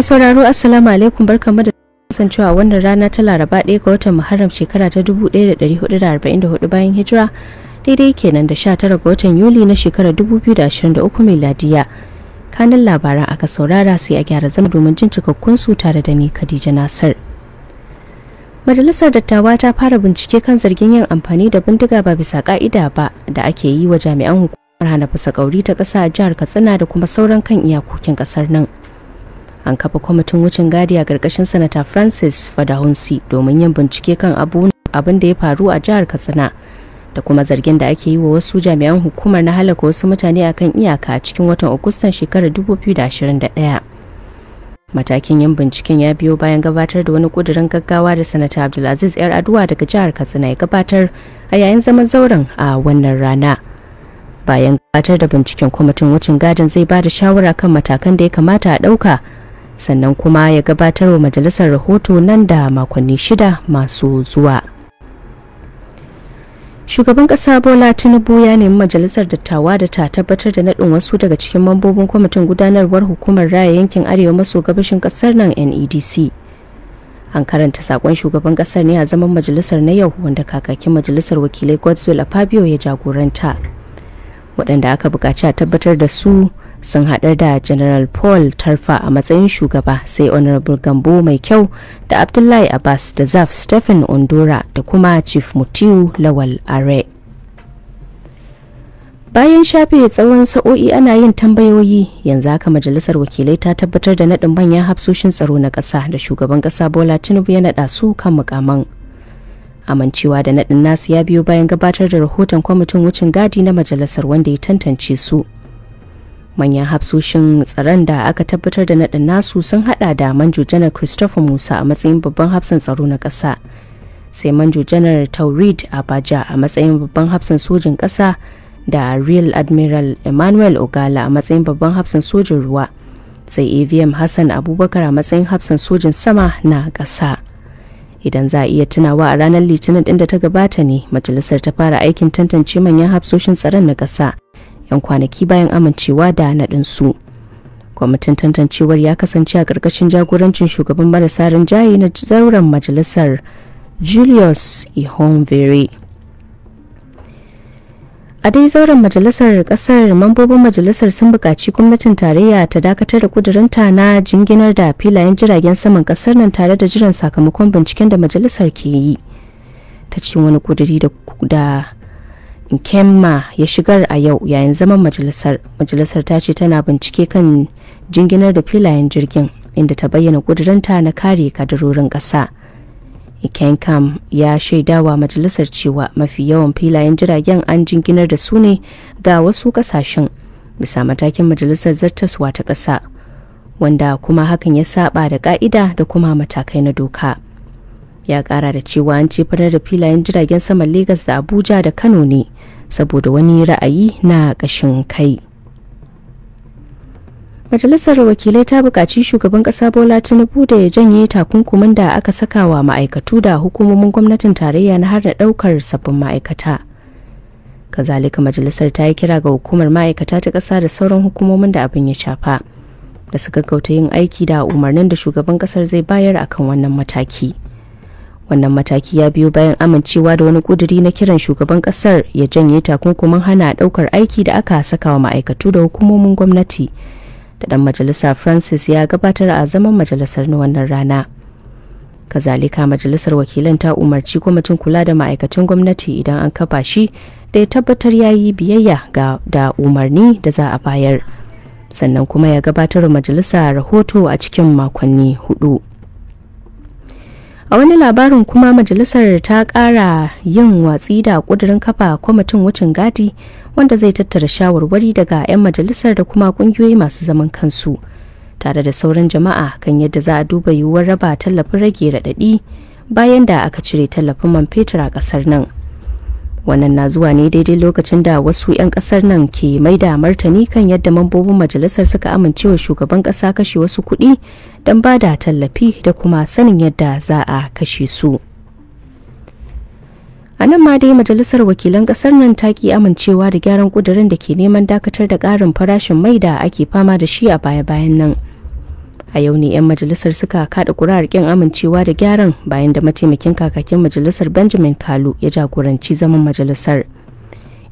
Mai sauraro Assalamu alaikum barkamu da kasancewa wannan rana ta Laraba ɗaya ga watan Muharram shekara ta 1444 bayan hijira daidai kenan da 19 ga watan Yuli na shekarar 2023 miladiya. Kanan labaran aka saurara sai a gyara zama domin jin cikakkun su tare da ni Khadija Nasir. Majalisar Dattawa ta fara bincike kan zargin yin amfani da bindiga ba bisa ka'ida ba da ake yi wa jami'an hukumar hana fasa kauri ta kasa a jihar Katsina da kuma sauran kan iyakokin kasar nan. an kafa kwamitin wucin gadi a ƙarƙashin sanata francis fadahunsi domin yin bincike kan abin da ya faru a jihar katsina da kuma zargin da ake yi wa wasu jami'an hukumar na halaka wasu mutane akan iyaka a cikin watan agustan shekarar 2021 matakin yin binciken ya biyo bayan gabatar da wani kudirin gaggawa da sanata abdulaziz yar aduwa daga jihar katsina ya gabatar a yayin zaman zauren a wannan rana bayan gabatar da binciken kwamitin wucin gadin zai ba da shawara kan matakan da ya kamata a ɗauka sannan kuma ya gabatar wa majalisar rahoto nan da makonni shida masu zuwa shugaban kasa bola tinubu ya nemi majalisar dattawa da ta tabbatar da naɗin wasu daga cikin mambobin kwamitin gudanarwar hukumar raya yankin arewa maso gabashin kasar nan nedc an karanta sakon shugaban kasar ne a zaman majalisar na yau wanda kakakin majalisar wakilai godswill fabio ya jagoranta waɗanda aka buƙaci a tabbatar da su sun haɗar da general paul tarfa a matsayin shugaba sai honorable gambo mai kyau da abdullahi abbas da zaf stephen ondora da kuma chief mutiu lawal are bayan shafe tsawon sa'o'i ana yin tambayoyi yanzu haka majalisar wakilai ta tabbatar da naɗin manyan hafsoshin tsaro na ƙasa da shugaban ƙasa bola tinubu ya naɗa su kan mukaman amincewa da naɗin nasu ya biyo bayan gabatar da rahoton kwamitin wucin gadi na majalisar wanda ya tantance su manyan hafsoshin tsaron da aka tabbatar da naɗin nasu sun hada da manjo janar christopher musa a matsayin babban hafsan tsaro na ƙasa sai manjo janar taurid abaja a matsayin babban hafsan sojin ƙasa da real admiral emmanuel ogala a matsayin babban hafsan sojin ruwa sai avm hassan abubakar a matsayin hafsan sojin sama na ƙasa idan za a iya tunawa a ranar litinin ɗin da ta gabata ne majalisar ta fara aikin tantance manyan hafsoshin tsaron na ƙasa 'yan kwanaki bayan amincewa da naɗin su. kwamitin tantancewar ya kasance a ƙarƙashin jagorancin shugaban marasa rinjaye na zauren majalisar julius ihonvere a dai zauren majalisar ƙasar mambobin majalisar sun buƙaci gwamnatin tarayya ta dakatar da ƙudurinta na jinginar da filayen jiragen saman ƙasar nan tare da jiran sakamakon binciken da majalisar ke yi ta ce wani ƙuduri da Nkemma ya shigar a yau yayin zaman majalisar. Majalisar ta ce tana bincike kan jinginar da filayen jirgin inda ta bayyana ƙuduranta na kare kadarorin ƙasa. kam ya shaidawa majalisar cewa mafi yawan filayen jiragen an jinginar da su ne ga wasu ƙasashen bisa matakin majalisar zartaswa ta ƙasa wanda kuma hakan ya saba da ƙa'ida da kuma matakai na doka. ya kara da cewa an ce da filayen jiragen saman Legas da Abuja da Kano ne saboda wani ra'ayi na ƙashin kai majalisar wakilai ta buƙaci shugaban ƙasa bola tinubu da ya janye takunkumin da aka saka wa ma'aikatu da hukumomin gwamnatin tarayya na har da ɗaukar sabbin ma'aikata kazalika majalisar ta yi kira ga hukumar ma'aikata ta ƙasa da sauran hukumomin da abin ya shafa da su gaggauta yin aiki da umarnin da shugaban ƙasar zai bayar akan wannan mataki. wannan mataki ya biyo bayan amincewa da wani kuduri na kiran shugaban kasar ya janye takunkumin hana daukar aiki da aka saka wa ma'aikatu da hukumomin gwamnati da dan majalisa francis ya gabatar a zaman majalisar na wannan rana kazalika majalisar wakilan ta umarci kwamitin kula da ma'aikacin gwamnati idan an kafa shi da ya tabbatar ya yi biyayya ga da umarni da za a bayar sannan kuma ya gabatar majalisa rahoto a cikin makonni hudu. a wani labarin kuma majalisar ta kara yin watsi da kudurin kafa kwamitin wucin gadi wanda zai tattara shawarwari daga 'yan majalisar da kuma kungiyoyi masu zaman kansu tare da sauran jama'a kan yadda za a duba yiwuwar raba tallafin rage raɗaɗi bayan da aka cire tallafin man fetur a ƙasar nan wannan na zuwa ne daidai lokacin da wasu 'yan ƙasar nan ke mai da martani kan yadda mambobin majalisar suka amincewa shugaban ƙasa kashe wasu kuɗi don ba da tallafi da kuma sanin yadda za a kashe su a nan ma dai majalisar wakilan kasar nan ta ki amincewa da gyaran kudurin da ke neman dakatar da karin farashin mai da ake fama da shi a baya-bayan nan a yau ne 'yan majalisar suka kada kurar kin amincewa da gyaran bayan da mataimakin kakakin majalisar benjamin kalu ya jagoranci zaman majalisar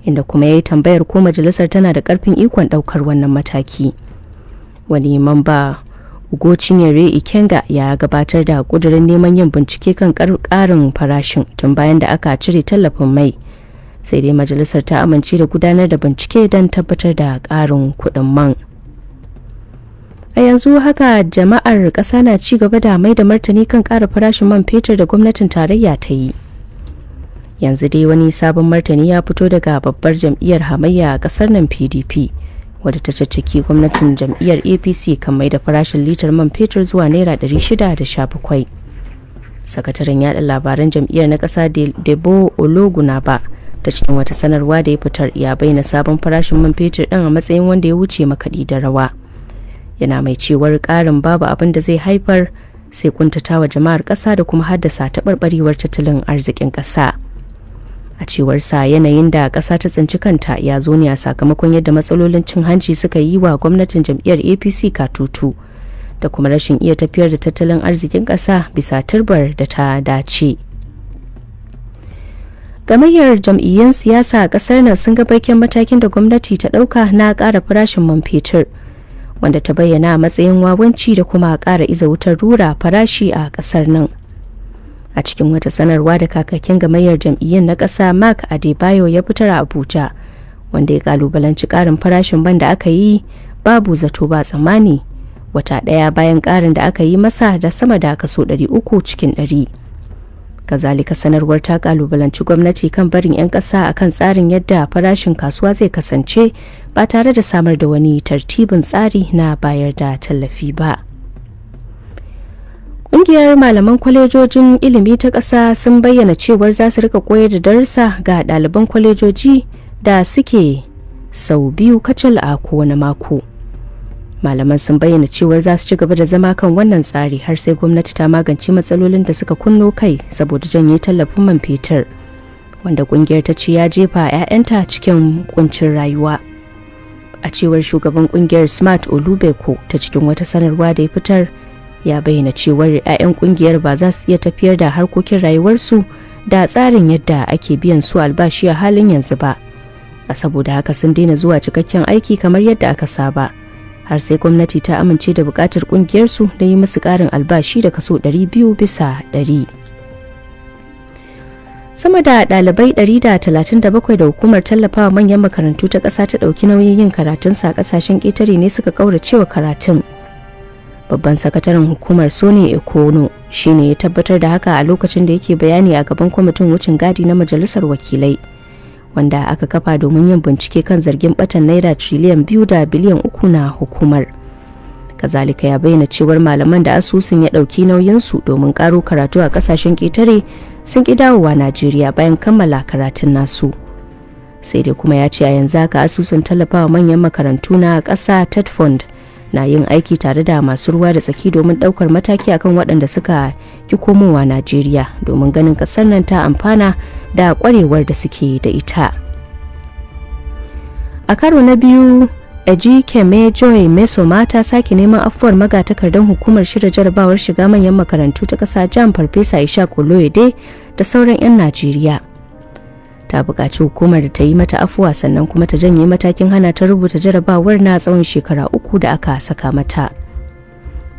inda kuma ya yi tambayar ko majalisar tana da karfin ikon daukar wannan mataki wani mamba ugo cinyere ikenga ya gabatar da kudirin neman yin bincike kan karin farashin tun bayan da aka cire tallafin mai sai dai majalisar ta amince da gudanar da bincike don tabbatar da karin kudin man a yanzu haka jama'ar ƙasa na ci gaba da mai da martani kan ƙara farashin man fetur da gwamnatin tarayya ta yi yanzu dai wani sabon martani ya fito daga babbar jam'iyyar hamayya a ƙasar nan pdp wadda ta cacciki gwamnatin jam'iyyar apc kan mai da farashin litar man fetur zuwa naira 617 sakataren yada labaran jam'iyyar na kasa debo ologuna ba ta cikin wata sanarwa da ya fitar ya bayyana sabon farashin man fetur din a matsayin wanda ya wuce makaɗi da rawa yana mai cewar ƙarin babu abin da zai haifar sai kuntatawa jama'ar ƙasa da kuma haddasa taɓarɓarewar tattalin arzikin ƙasa. a cewar sa yanayin da ƙasa ta tsinci kanta ya zo ne a sakamakon yadda matsalolin cin hanci suka yi wa gwamnatin jam'iyyar apc katutu da kuma rashin iya tafiyar da tattalin arzikin ƙasa bisa turbar da ta dace gamayyar jam'iyyun siyasa a ƙasar nan sun gabakin matakin da gwamnati ta ɗauka na kara farashin man fetur wanda ta bayyana matsayin wawanci da kuma ƙara iza wutar rura farashi a ƙasar nan a cikin wata sanarwa da kakakin gamayyar jam'iyyar na ƙasa mark adebayo ya fitar a abuja wanda ya kalubalanci ƙarin farashin ban da aka yi babu zato ba tsammani wata ɗaya bayan ƙarin da aka yi masa da sama da kaso 300 cikin 100 kazalika sanarwar ta kalubalanci gwamnati kan barin 'yan ƙasa kan tsarin yadda farashin kasuwa zai kasance ba tare da samar da wani tartibin tsari na bayar da tallafi ba. Ƙungiyar malaman kwalejojin ilimi ta ƙasa sun bayyana cewar za su rika koyar da darussa ga ɗaliban kwalejoji da suke sau biyu kacal a kowane mako. Malaman sun bayyana cewar za su ci gaba da zama kan wannan tsari har sai gwamnati ta magance matsalolin da suka kunno kai saboda janye tallafin man fetur, wanda ƙungiyar ta ce ya jefa 'ya'yanta cikin kuncin rayuwa. A cewar shugaban ƙungiyar Smart Olubeko ta cikin wata sanarwa da ya fitar ya bayyana cewar 'ya'yan kungiyar ba za su iya tafiyar da harkokin rayuwarsu da tsarin yadda ake biyan su albashi a halin yanzu ba a saboda haka sun daina zuwa cikakken aiki kamar yadda aka saba har sai gwamnati ta amince da bukatar kungiyarsu da yi musu karin albashi da kaso 200 bisa 100 sama da ɗalibai 137 da hukumar tallafawa manyan makarantu ta ƙasa ta ɗauki nauyin yin karatun sa ƙasashen ƙetare ne suka ƙauracewa karatun babban sakataren hukumar sony ekono shine ya tabbatar da haka a lokacin da yake bayani a gaban kwamitin wucin gadi na majalisar wakilai wanda aka kafa domin yin bincike kan zargin batan naira triliyan biyu da biliyan uku na hukumar kazalika ya bayyana cewar malaman da asusun ya ɗauki nauyinsu domin karo karatu a ƙasashen ƙetare sun ƙi dawowa najeriya bayan kammala karatun nasu sai dai kuma ya ce a yanzu aka asusun tallafawa manyan makarantu na ƙasa ted fund na yin aiki tare da masu ruwa da tsaki domin daukar mataki akan waɗanda suka ki komowa najeriya domin ganin ƙasar nan ta amfana da ƙwarewar da suke da ita a karo na biyu Eji Keme Joy Mesoma ta sake neman afuwar magatakardan hukumar shirya jarabawar shiga manyan makarantu ta ƙasa Jam Farfesa Ishaq Oloyede da sauran 'yan Najeriya. ta buƙaci hukumar da ta yi mata afuwa sannan kuma ta janye matakin hana ta rubuta jarabawar na tsawon shekara uku da aka saka mata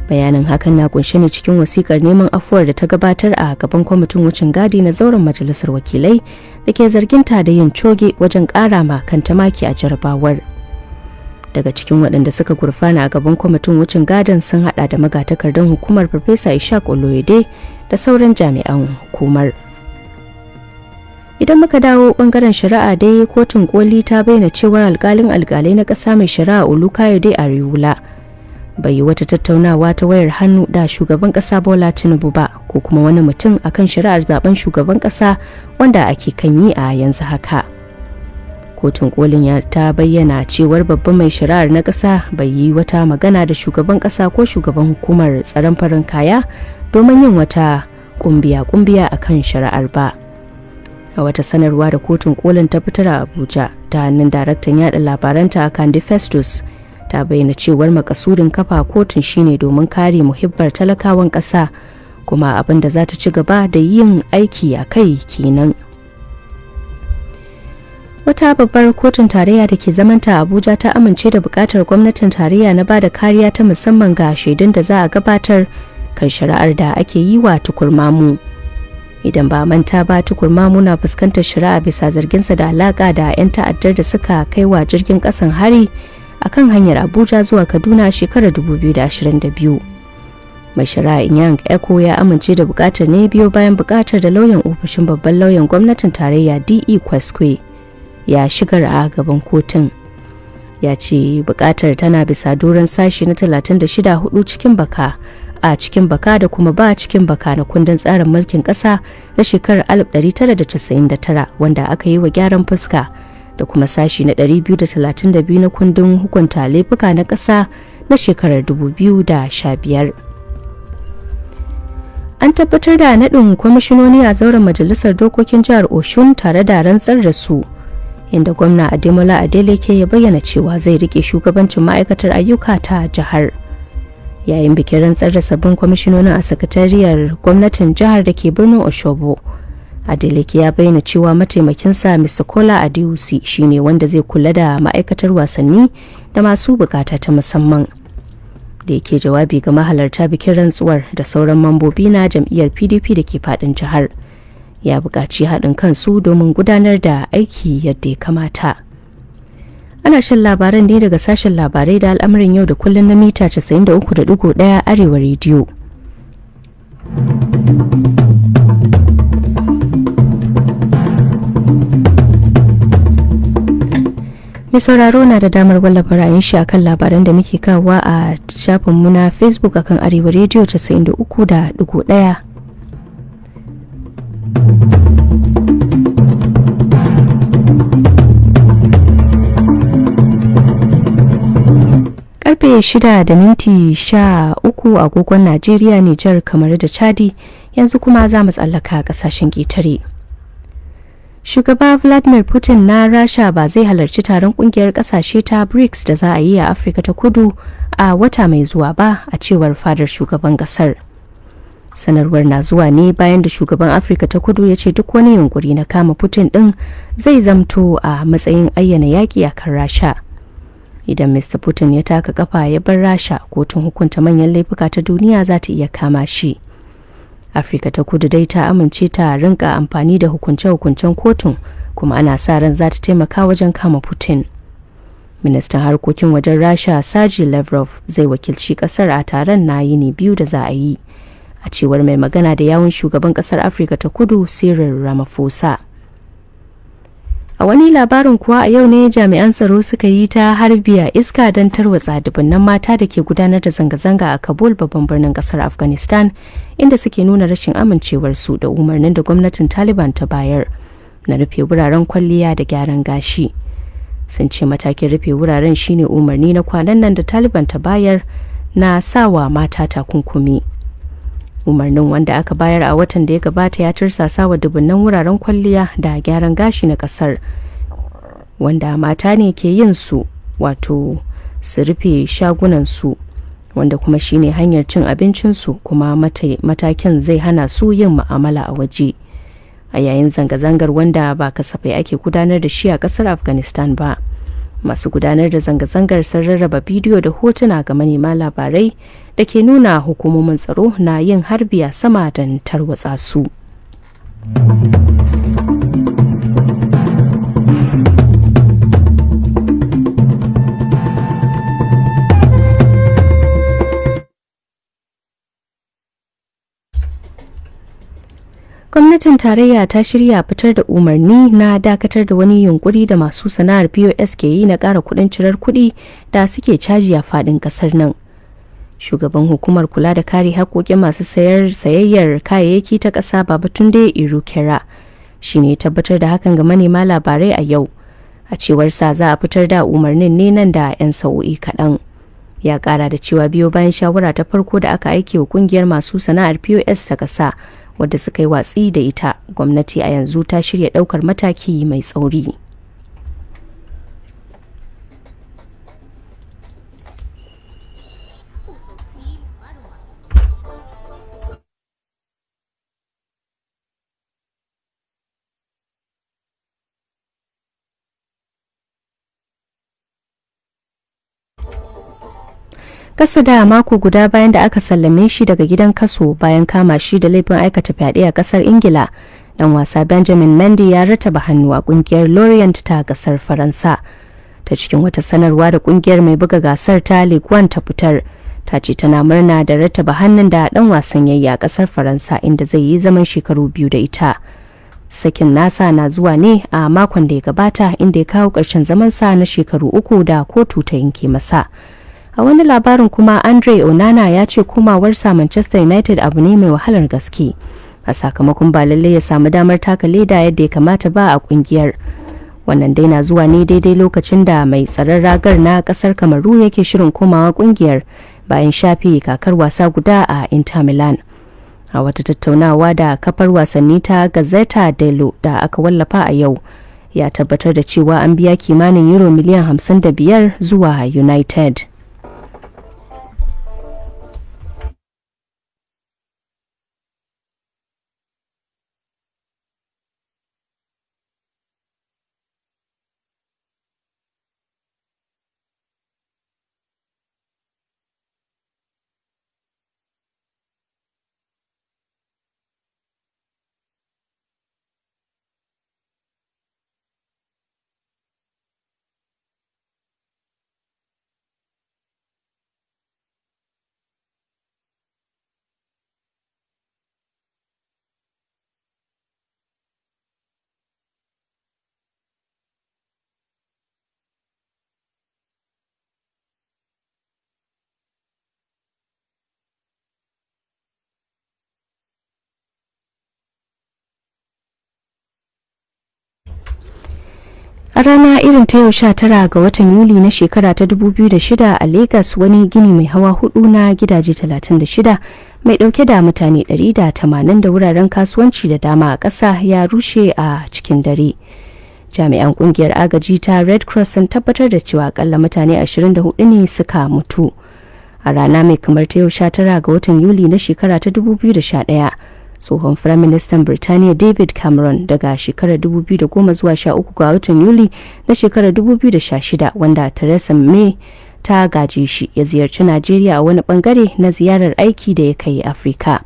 bayanin hakan na kunshe ne cikin wasikar neman afuwar da ta gabatar a gaban kwamitin wucin gadi na zauren majalisar wakilai da ke zarginta da yin coge wajen kara ma kanta maki a jarabawar daga cikin waɗanda suka gurfana a gaban kwamitin wucin gadin sun haɗa da magatakardar hukumar farfesa ishaq oloyede da sauran jami'an hukumar. idan muka dawo bangaren shari'a dai kotun koli ta bayyana cewar alkalin alkalai na kasa mai shari'a a riwula bai yi wata tattaunawa ta wayar hannu da shugaban kasa bola tinubu ba ko kuma wani mutum akan shari'ar zaben shugaban kasa wanda ake kan yi a yanzu haka kotun kolin ya ta bayyana cewar babban mai shari'ar na kasa bai yi wata magana da shugaban kasa ko shugaban hukumar tsaron farin kaya domin yin wata kumbiya-kumbiya akan shari'ar ba. a wata sanarwa da kotun kolin ta fitar a abuja ta hannun daraktan yada labaranta candy festus ta bayyana cewar makasudin kafa kotun shine domin kare muhibbar talakawan kasa kuma abin da za ta ci gaba da yin aiki a kai kenan wata babbar kotun tarayya da ke zamanta abuja ta amince da bukatar gwamnatin tarayya na bada kariya ta musamman ga shaidun da za a gabatar kan shari'ar da ake yi wa tukurmamu. idan ba manta ba tukurma muna fuskantar shari'a bisa zarginsa da alaka da 'yan ta'addar da suka kai wa jirgin kasan hari a kan hanyar abuja zuwa kaduna shekarar 2022 mai shari'a yang eco ya amince da bukatar ne biyo bayan bukatar da lauyan ofishin babban lauyan gwamnatin tarayya de kwaskwe ya shigar a gaban kotun ya ce bukatar tana bisa doron sashi na 36 cikin baka a cikin baka da kuma ba cikin baka na kundin tsarin mulkin ƙasa na shekarar 1999 wanda aka yi wa gyaran fuska da kuma sashi na 232 na kundin hukunta laifuka na ƙasa na shekarar 2015 an tabbatar da naɗin kwamishinoni a zauren majalisar dokokin jihar oshun tare da rantsar da su inda gwamna ademola adeleke ya bayyana cewa zai rike shugabancin ma'aikatar ayyuka ta jihar. yayin bikin rantsar da sabbin kwamishinonin a sakatariyar gwamnatin jihar da ke birnin oshobo adeleke ya bayyana cewa mataimakinsa mr kola adiusi shine wanda zai kula da ma'aikatar wasanni da masu bukata ta musamman da yake jawabi ga mahalarta bikin rantsuwar da sauran mambobi na jam'iyyar pdp da ke fadin jihar ya bukaci haɗin kansu domin gudanar da aiki yadda ya kamata. Ana shan labaran ne daga sashen labarai da al'amarin yau da kullun na mita 93.1 Arewa rediyo. Mai sauraro na da damar wallafa ra'ayin shi akan labaran da muke kawo a shafinmu na Facebook akan Arewa Radio 93.1. karfe shida da minti a agogon Najeriya Nijar kamar da Chadi yanzu kuma za mu tsallaka kasashen ƙetare. Shugaba Vladimir Putin na Rasha ba zai halarci taron kungiyar ƙasashe ta BRICS da za a yi a Afirka ta kudu a wata mai zuwa ba a cewar fadar shugaban kasar. sanarwar na zuwa ne bayan da shugaban afirka ta kudu ya ce duk wani yunkuri na kama putin ɗin zai zamto a matsayin ayyana yaƙi a kan rasha idan mr putin ya taka kafa ya bar rasha kotun hukunta manyan laifuka ta duniya za ta iya kama shi afirka ta kudu dai ta amince ta rinka amfani da hukunce-hukuncen kotun kuma ana sa ran za ta taimaka wajen kama putin ministan harkokin wajen rasha saji lavrov zai wakilci kasar a taron na yini biyu da za a yi a cewar mai magana da yawun shugaban kasar afirka ta kudu cyril ramaphosa a wani labarin kuwa a yau ne jami'an tsaro suka yi ta harbi iska don tarwatsa dubunnan mata da ke gudanar da zanga-zanga a kabul babban birnin kasar afghanistan inda suke nuna rashin amincewarsu da umarnin da gwamnatin taliban ta bayar na rufe wuraren kwalliya da gyaran gashi sun ce matakin rufe wuraren shine umarni na kwanan nan da taliban ta bayar na sawa mata takunkumi. umarnin wanda aka bayar a watan da ya gabata ya tursasa wa dubunnan wuraren kwalliya da gyaran gashi na kasar wanda mata ne ke yin su wato su rufe shagunansu wanda kuma shine hanyar cin abincin su kuma matakin zai hana su yin ma'amala a waje a yayin zanga-zangar wanda ba kasafai ake gudanar da shi a kasar afghanistan ba masu gudanar da zanga-zangar sun rarraba bidiyo da hotuna ga manema labarai da ke nuna hukumomin tsaro na yin harbi a sama don tarwatsa su. gwamnatin tarayya ta shirya fitar da umarni na dakatar da wani yunkuri da masu sana'ar pos ke yi na ƙara kuɗin cirar kuɗi da suke caji a faɗin ƙasar nan shugaban hukumar kula da kare haƙoƙin masu sayar sayayyar kayayyaki ta ƙasa babatunde kera shi ne tabbatar da hakan ga manema labarai a yau a cewar sa za a fitar da umarnin ne nan da 'yan sa'o'i kaɗan ya ƙara da cewa biyo bayan shawara ta farko da aka aike wa ƙungiyar masu sana'ar pos ta ƙasa wadda suka yi watsi da ita gwamnati a yanzu ta shirya ɗaukar mataki mai tsauri. Kasa da mako guda bayan da aka sallame shi daga gidan kaso bayan kama shi da laifin aikata fyaɗe a kasar Ingila, dan wasa Benjamin Mendy ya rataba hannu a kungiyar Lorient ta gasar Faransa. Ta cikin wata sanarwa da kungiyar mai buga gasar ta liguan ta fitar, ta ce tana murna da rataba hannun da dan wasan yayi a kasar Faransa inda zai yi zaman shekaru biyu da ita. sakin nasa na zuwa ne a makon da ya gabata inda ya kawo ƙarshen zamansa na shekaru uku da kotu ta yanke masa. a wani labarin kuma andre onana ya ce komawarsa manchester united abu ne mai wahalar gaske a sakamakon ba lallai ya samu damar taka leda yadda ya kamata ba a kungiyar wannan dai na zuwa ne daidai lokacin da mai tsaron ragar na kasar kamaru yake shirin komawa kungiyar bayan shafi kakar wasa guda a inter milan a wata tattaunawa da kafar wasanni ta gazeta delo da aka wallafa a yau ya tabbatar da cewa an biya kimanin euro miliyan 55 zuwa united A rana irin ta yau tara ga watan Yuli na shekara ta 2006 a Legas wani gini mai hawa hudu na gidaje 36 mai dauke da mutane 180 da wuraren kasuwanci da dama a ƙasa ya rushe a cikin dare. Jami'an kungiyar agaji ta Red Cross sun tabbatar da cewa akalla mutane 24 ne suka mutu. A rana mai kamar ta yau 19 ga watan Yuli na shekara ta 2011 tsohon firaministan birtaniya david cameron daga shekarar 2010 zuwa 13 ga watan yuli na shekarar 2016 wanda theresa may ta gaje shi ya ziyarci najeriya a wani bangare na ziyarar aiki da ya kai afirka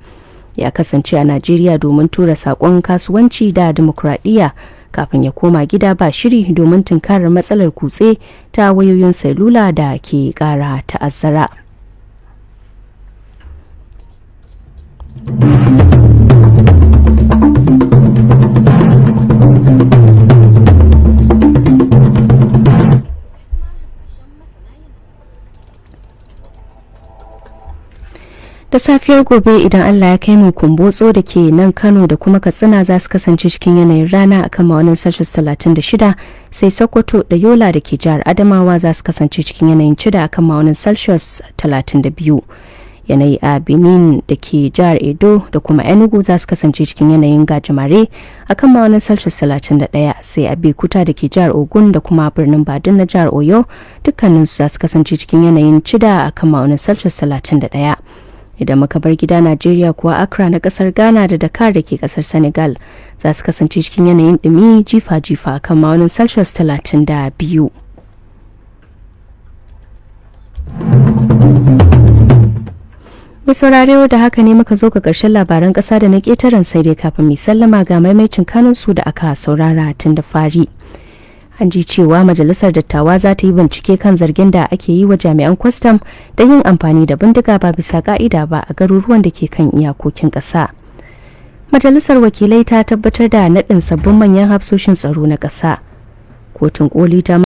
ya kasance a najeriya domin tura saƙon kasuwanci da dimokuraɗiyya kafin ya koma gida ba shiri domin tunkarar matsalar kutse ta wayoyin salula da ke ƙara ta'azzara. ta safiyar gobe idan allah ya kai mu kumbotso da ke nan kano da kuma katsina za su kasance cikin yanayin rana a kan ma'aunin sashis 36 sai sokoto da yola da ke jihar adamawa za su kasance cikin yanayin cida a kan ma'aunin celsius 32 yanayi a benin da ke jihar edo da kuma enugu za su kasance cikin yanayin gajimare a kan ma'aunin celsius 31 sai a bekuta da ke jihar ogun da kuma birnin badin na jihar oyo dukkaninsu za su kasance cikin yanayin cida a kan ma'aunin celsius 31 idan muka bar gida najeriya kuwa accra na kasar ghana da dakar da ke kasar senegal za su kasance cikin yanayin ɗumi jifa-jifa kan ma'aunin celsius 32 mai saurare da haka ne muka zo ga ƙarshen labaran ƙasa da na ƙetaren sai dai kafin mai sallama ga maimaicin kanunsu da aka saurara tun da fari. an ji cewa majalisar dattawa za ta yi bincike kan zargin da ake yi wa jami'an kwastam da yin amfani da bindiga ba bisa ka'ida ba a garuruwan da ke kan iyakokin ƙasa majalisar wakilai ta tabbatar da naɗin sabbin manyan hafsoshin tsaro na ƙasa kotun koli ta